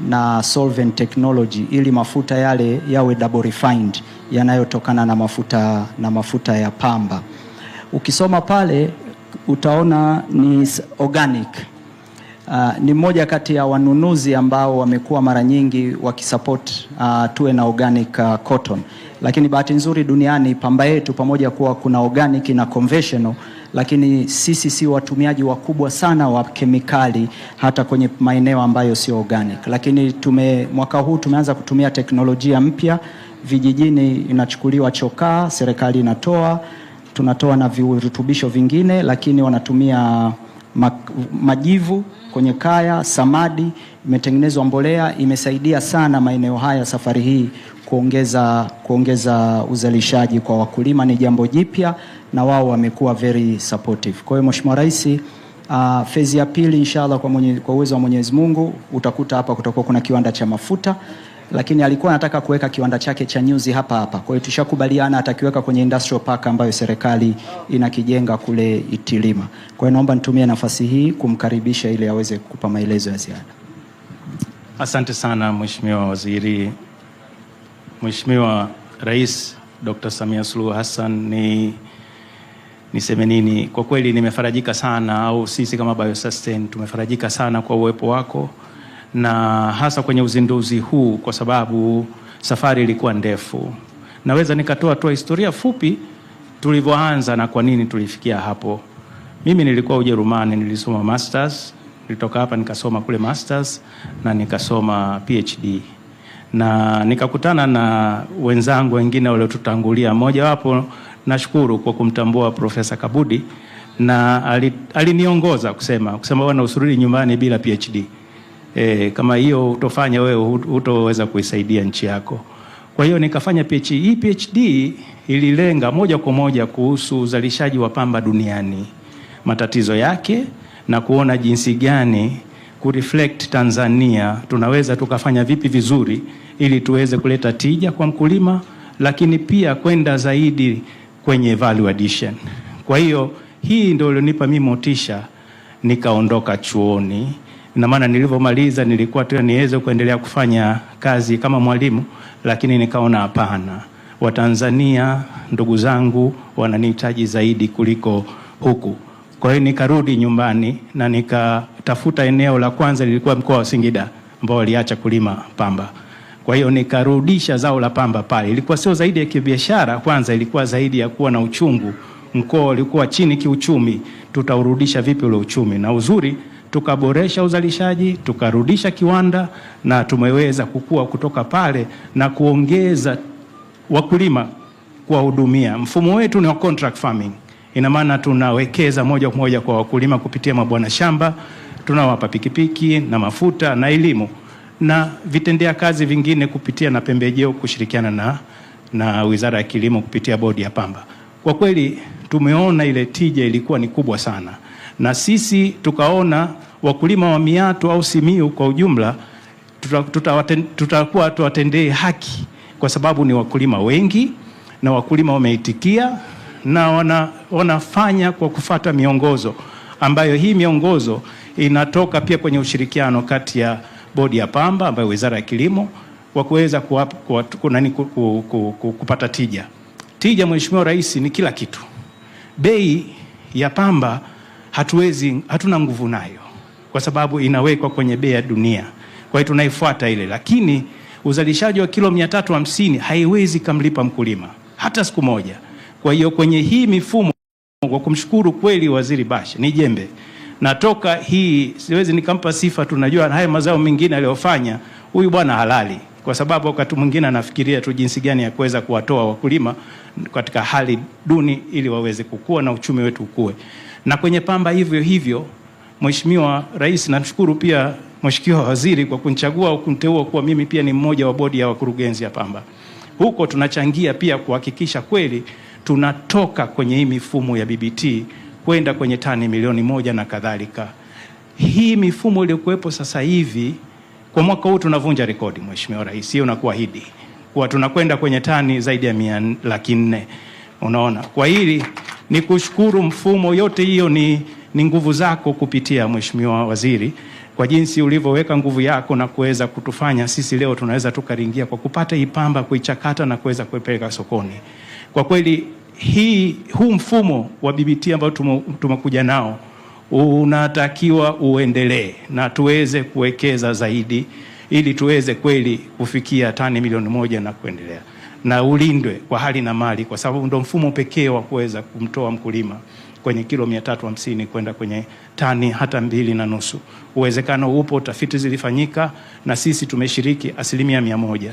na solvent technology ili mafuta yale yawe double refined yanayotokana na mafuta, na mafuta ya pamba. Ukisoma pale utaona ni organic. Uh, ni mmoja kati ya wanunuzi ambao wamekuwa mara nyingi wakisupport uh, tuwe na organic uh, cotton, lakini bahati nzuri duniani pamba yetu pamoja kuwa kuna organic na conventional lakini sisi si watumiaji wakubwa sana wa kemikali hata kwenye maeneo ambayo sio organic. Lakini tume, mwaka huu tumeanza kutumia teknolojia mpya vijijini, inachukuliwa chokaa, serikali inatoa, tunatoa na virutubisho vingine, lakini wanatumia majivu kwenye kaya, samadi imetengenezwa mbolea, imesaidia sana maeneo haya safari hii kuongeza, kuongeza uzalishaji kwa wakulima, ni jambo jipya na wao wamekuwa very supportive. Kwa hiyo Mheshimiwa Rais, uh, fezi ya pili inshallah kwa mwenye, kwa uwezo wa Mwenyezi Mungu utakuta hapa kutakuwa kuna kiwanda cha mafuta, lakini alikuwa anataka kuweka kiwanda chake cha nyuzi hapa hapa. Kwa hiyo tushakubaliana atakiweka kwenye industrial park ambayo serikali inakijenga kule Itilima. Kwa hiyo naomba nitumie nafasi hii kumkaribisha ili aweze kupa maelezo ya ziada. Asante sana Mheshimiwa Waziri. Mheshimiwa Rais Dr. Samia Suluhu Hassan ni niseme nini, kwa kweli nimefarajika sana, au sisi kama Biosustain tumefarajika sana kwa uwepo wako na hasa kwenye uzinduzi huu, kwa sababu safari ilikuwa ndefu. Naweza nikatoa tu historia fupi tulivyoanza na kwa nini tulifikia hapo. Mimi nilikuwa Ujerumani, nilisoma masters, nilitoka hapa nikasoma kule masters na nikasoma PhD na nikakutana na wenzangu wengine waliotutangulia, mmojawapo Nashukuru kwa kumtambua Profesa Kabudi na aliniongoza ali kusema kusema bwana, usurudi nyumbani bila PhD. E, kama hiyo utofanya wewe utoweza kuisaidia nchi yako. Kwa hiyo nikafanya PhD. Hii PhD ililenga moja kwa moja kuhusu uzalishaji wa pamba duniani, matatizo yake na kuona jinsi gani kureflect Tanzania tunaweza tukafanya vipi vizuri ili tuweze kuleta tija kwa mkulima, lakini pia kwenda zaidi kwenye value addition. Kwa hiyo hii ndio ilionipa mimi motisha nikaondoka chuoni, na maana nilivyomaliza nilikuwa tena niweze kuendelea kufanya kazi kama mwalimu, lakini nikaona hapana, Watanzania ndugu zangu wananihitaji zaidi kuliko huku. Kwa hiyo nikarudi nyumbani na nikatafuta eneo la kwanza lilikuwa mkoa wa Singida ambao waliacha kulima pamba. Kwa hiyo nikarudisha zao la pamba pale. Ilikuwa sio zaidi ya kibiashara, kwanza ilikuwa zaidi ya kuwa na uchungu. Mkoa ulikuwa chini kiuchumi, tutaurudisha vipi ule uchumi? Na uzuri tukaboresha uzalishaji, tukarudisha kiwanda na tumeweza kukua kutoka pale na kuongeza wakulima kuwahudumia. Mfumo wetu ni wa contract farming, ina maana tunawekeza moja kwa moja kwa wakulima kupitia mabwana shamba, tunawapa pikipiki na mafuta na elimu na vitendea kazi vingine kupitia na pembejeo kushirikiana na, na Wizara ya Kilimo kupitia bodi ya pamba. Kwa kweli tumeona ile tija ilikuwa ni kubwa sana, na sisi tukaona wakulima wa miatu au simiu kwa ujumla tutakuwa tuta, tuta tuwatendee haki kwa sababu ni wakulima wengi na wakulima wameitikia na wana, wanafanya kwa kufata miongozo ambayo hii miongozo inatoka pia kwenye ushirikiano kati ya bodi ya pamba ambayo wizara ya kilimo kwa kuweza kupata tija. Tija, Mheshimiwa Rais, ni kila kitu. Bei ya pamba hatuwezi, hatuna nguvu nayo kwa sababu inawekwa kwenye bei ya dunia, kwa hiyo tunaifuata ile, lakini uzalishaji wa kilo hamsini haiwezi kamlipa mkulima hata siku moja. Kwa hiyo kwenye hii mifumo, kwa kumshukuru kweli Waziri Bashe, ni jembe na toka hii siwezi nikampa sifa, tunajua haya mazao mengine aliyofanya huyu bwana halali, kwa sababu wakati mwingine anafikiria tu jinsi gani ya kuweza kuwatoa wakulima katika hali duni ili waweze kukua na uchumi wetu ukue. Na kwenye pamba hivyo hivyo, Mheshimiwa Rais, nashukuru pia Mheshimiwa Waziri kwa kunichagua au kuniteua kuwa mimi pia ni mmoja wa bodi ya wakurugenzi ya pamba. Huko tunachangia pia kuhakikisha kweli tunatoka kwenye hii mifumo ya BBT kwenda kwenye tani milioni moja na kadhalika. Hii mifumo iliyokuwepo sasa hivi kwa mwaka huu tunavunja rekodi, Mheshimiwa Rais, hiyo nakuahidi kuwa tunakwenda kwenye tani zaidi ya mia laki nne. Unaona, kwa hili ni kushukuru mfumo. Yote hiyo ni, ni nguvu zako kupitia Mheshimiwa Waziri kwa jinsi ulivyoweka nguvu yako na kuweza kutufanya sisi leo tunaweza tukaringia kwa kupata hii pamba, kuichakata na kuweza kuipeleka sokoni. Kwa kweli hii, huu mfumo wa BBT ambao tumekuja nao unatakiwa uendelee na tuweze kuwekeza zaidi ili tuweze kweli kufikia tani milioni moja na kuendelea, na ulindwe kwa hali na mali, kwa sababu ndo mfumo pekee wa kuweza kumtoa mkulima kwenye kilo hamsini kwenda kwenye tani hata mbili na nusu. Uwezekano upo, tafiti zilifanyika na sisi tumeshiriki asilimia mia moja.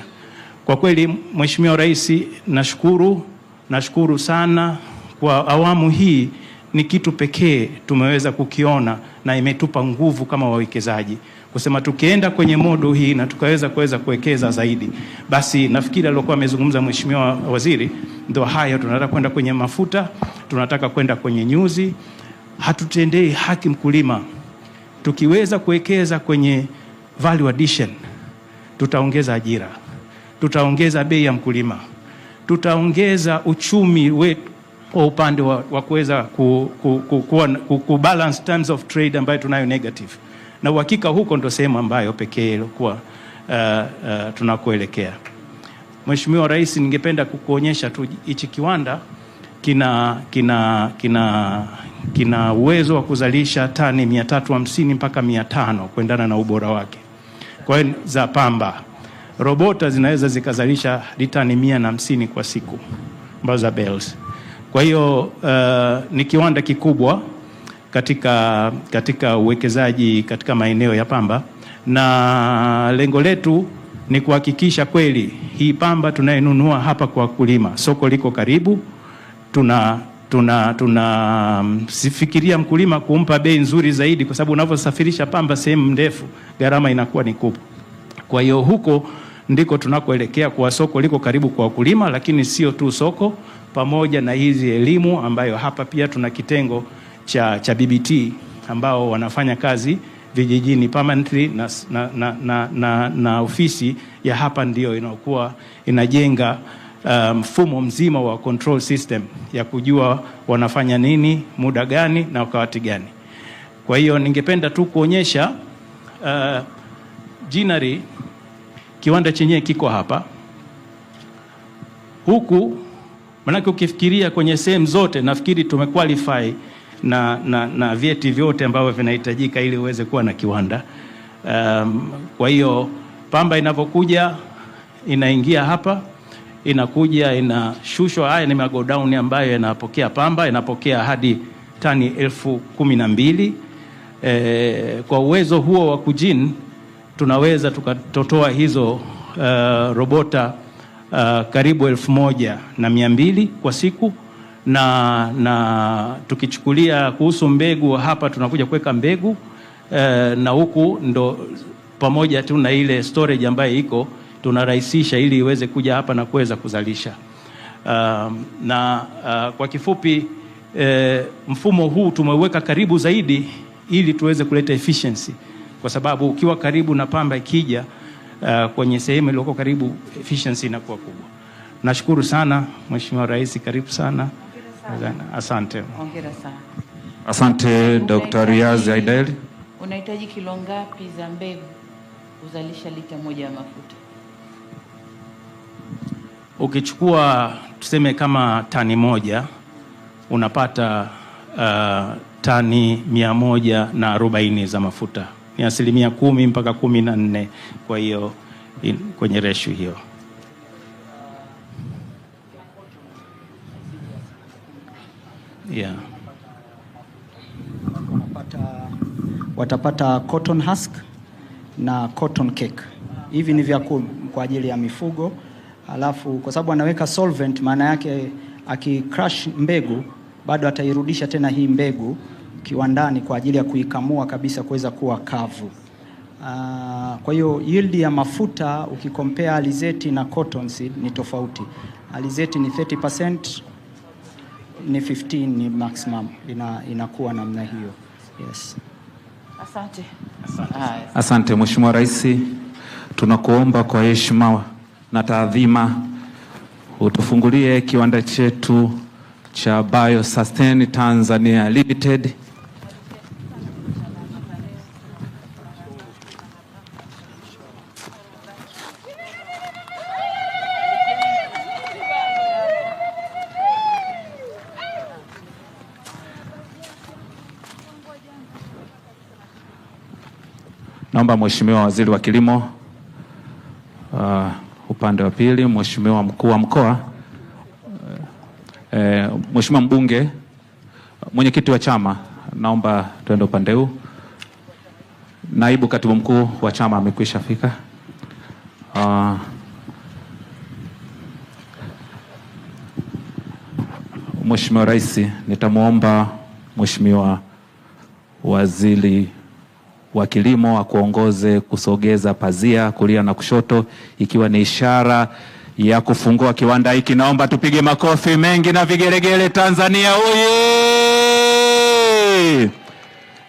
Kwa kweli, Mheshimiwa Rais, nashukuru Nashukuru sana kwa awamu hii, ni kitu pekee tumeweza kukiona na imetupa nguvu kama wawekezaji kusema tukienda kwenye modo hii na tukaweza kuweza kuwekeza zaidi, basi nafikiri aliokuwa amezungumza mheshimiwa waziri ndio hayo. Tunataka kwenda kwenye mafuta, tunataka kwenda kwenye nyuzi. Hatutendei haki mkulima. Tukiweza kuwekeza kwenye value addition, tutaongeza ajira, tutaongeza bei ya mkulima tutaongeza uchumi wetu kwa upande wa, wa kuweza ku, ku, ku, ku, ku balance terms of trade ambayo tunayo negative, na uhakika huko ndo sehemu ambayo pekee ilikuwa uh, uh, tunakoelekea. Mheshimiwa Rais, ningependa kukuonyesha tu hichi kiwanda kina kina kina kina uwezo wa kuzalisha tani 350 mpaka 500 kuendana na ubora wake kwa za pamba robota zinaweza zikazalisha litani mia na hamsini kwa siku ambazo za bells. Kwa hiyo uh, ni kiwanda kikubwa katika katika uwekezaji katika maeneo ya pamba, na lengo letu ni kuhakikisha kweli hii pamba tunayenunua hapa kwa wakulima, soko liko karibu, tuna tuna tunamsifikiria um, mkulima kumpa bei nzuri zaidi, kwa sababu unavyosafirisha pamba sehemu ndefu gharama inakuwa ni kubwa. Kwa hiyo huko ndiko tunakoelekea kuwa soko liko karibu kwa wakulima, lakini sio tu soko, pamoja na hizi elimu ambayo hapa pia tuna kitengo cha, cha BBT ambao wanafanya kazi vijijini permanently na, na, na, na, na, na ofisi ya hapa ndio inakuwa inajenga uh, mfumo um, mzima wa control system ya kujua wanafanya nini muda gani na wakati gani. Kwa hiyo ningependa tu kuonyesha uh, Jinari kiwanda chenyewe kiko hapa huku, manake ukifikiria kwenye sehemu zote, nafikiri tumequalify na, na, na vyeti vyote ambavyo vinahitajika ili uweze kuwa na kiwanda um, kwa hiyo pamba inavyokuja inaingia hapa inakuja inashushwa. Haya ni magodown ambayo yanapokea pamba, inapokea hadi tani elfu kumi na mbili. E, kwa uwezo huo wa kujini tunaweza tukatotoa hizo uh, robota uh, karibu elfu moja na mia mbili kwa siku na, na tukichukulia kuhusu mbegu hapa tunakuja kuweka mbegu uh, na huku ndo pamoja tu na ile storage ambayo iko tunarahisisha ili iweze kuja hapa na kuweza kuzalisha uh, na uh, kwa kifupi uh, mfumo huu tumeweka karibu zaidi ili tuweze kuleta efficiency kwa sababu ukiwa karibu na pamba ikija uh, kwenye sehemu iliyoko karibu efficiency inakuwa kubwa. Nashukuru sana Mheshimiwa Rais, karibu sana. Asante. Hongera sana. Asante Dr. Riaz Aidel. Unahitaji kilo ngapi za mbegu kuzalisha lita moja ya mafuta? Ukichukua tuseme kama tani moja unapata uh, tani mia moja na arobaini za mafuta ni asilimia kumi mpaka kumi na nne kwa hiyo kwenye reshu hiyo. Yeah. Watapata, watapata cotton husk na cotton cake. Hivi ni vya kwa ajili ya mifugo, alafu kwa sababu anaweka solvent, maana yake akicrash mbegu bado atairudisha tena hii mbegu kiwandani kwa ajili ya kuikamua kabisa kuweza kuwa kavu. Uh, kwa hiyo yield ya mafuta ukikompea alizeti na cotton seed ni tofauti. Alizeti ni 30%, ni 15 ni maximum ina, inakuwa namna hiyo. Yes. Asante, asante. Asante Mheshimiwa Rais, tunakuomba kwa heshima na taadhima utufungulie kiwanda chetu cha Biosustain Tanzania Limited. Naomba Mheshimiwa Waziri wa Kilimo, uh, upande wa pili, Mheshimiwa Mkuu wa Mkoa, uh, uh Mheshimiwa Mbunge, mwenyekiti wa chama, naomba tuende upande huu. Naibu Katibu Mkuu wa chama amekwisha fika. Uh, Mheshimiwa Rais, nitamwomba Mheshimiwa Waziri wa kilimo akuongoze kusogeza pazia kulia na kushoto, ikiwa ni ishara ya kufungua kiwanda hiki. Naomba tupige makofi mengi na vigelegele. Tanzania oye!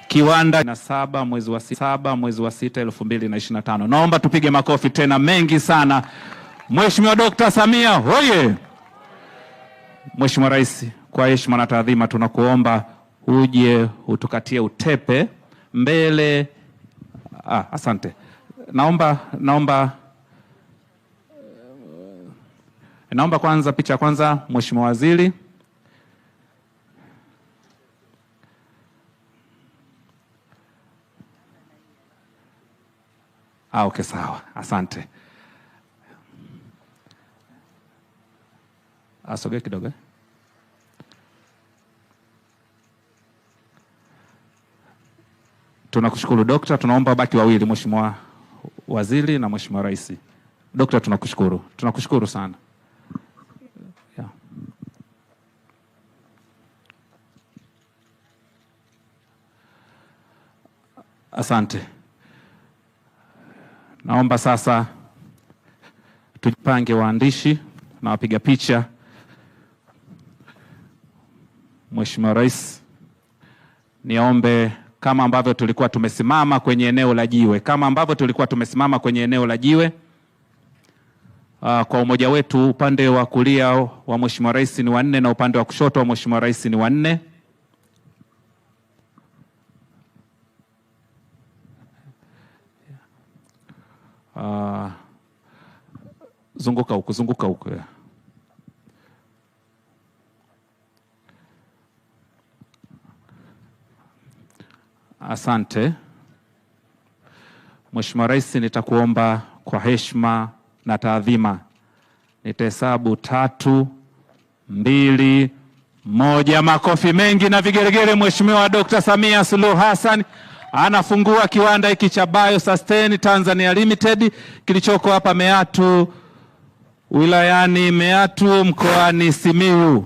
Kiwanda na saba mwezi wa sita, saba mwezi wa sita elfu mbili na ishirini na tano. Naomba tupige makofi tena mengi sana. Mheshimiwa Dkt. Samia oye! Mheshimiwa Rais, kwa heshima na taadhima tunakuomba uje utukatie utepe mbele ah, asante. Naomba naomba eh, naomba kwanza picha ya kwanza, Mheshimiwa Waziri. Ah, okay, sawa, asante. Asogee ah, kidogo. Eh. Tunakushukuru Dokta, tunaomba baki wawili, Mheshimiwa Waziri na Mheshimiwa Rais. Dokta, tunakushukuru, tunakushukuru sana. Yeah. Asante. Naomba sasa tujipange waandishi na wapiga picha. Mheshimiwa Rais, niombe kama ambavyo tulikuwa tumesimama kwenye eneo la jiwe, kama ambavyo tulikuwa tumesimama kwenye eneo la jiwe. Uh, kwa umoja wetu, upande wa kulia wa Mheshimiwa Rais ni wanne na upande wa kushoto wa Mheshimiwa Rais ni wanne. Uh, zunguka huku, zunguka huku. Asante Mheshimiwa Rais, nitakuomba kwa heshima na taadhima, nitahesabu tatu, mbili, moja. Makofi mengi na vigeregere. Mheshimiwa Dkt. Samia Suluhu Hassan anafungua kiwanda hiki cha Bio Sustain Tanzania Limited kilichoko hapa Meatu wilayani Meatu mkoani Simiyu.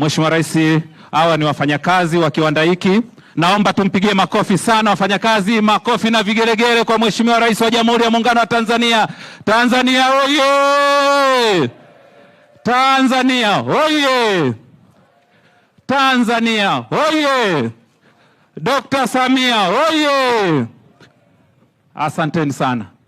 Mheshimiwa Rais, hawa ni wafanyakazi wa kiwanda hiki. Naomba tumpigie makofi sana wafanyakazi, makofi na vigelegele kwa Mheshimiwa Rais wa Jamhuri ya Muungano wa Tanzania. Tanzania oye! Tanzania oye! Tanzania oye! dokta Samia oye! Asanteni sana.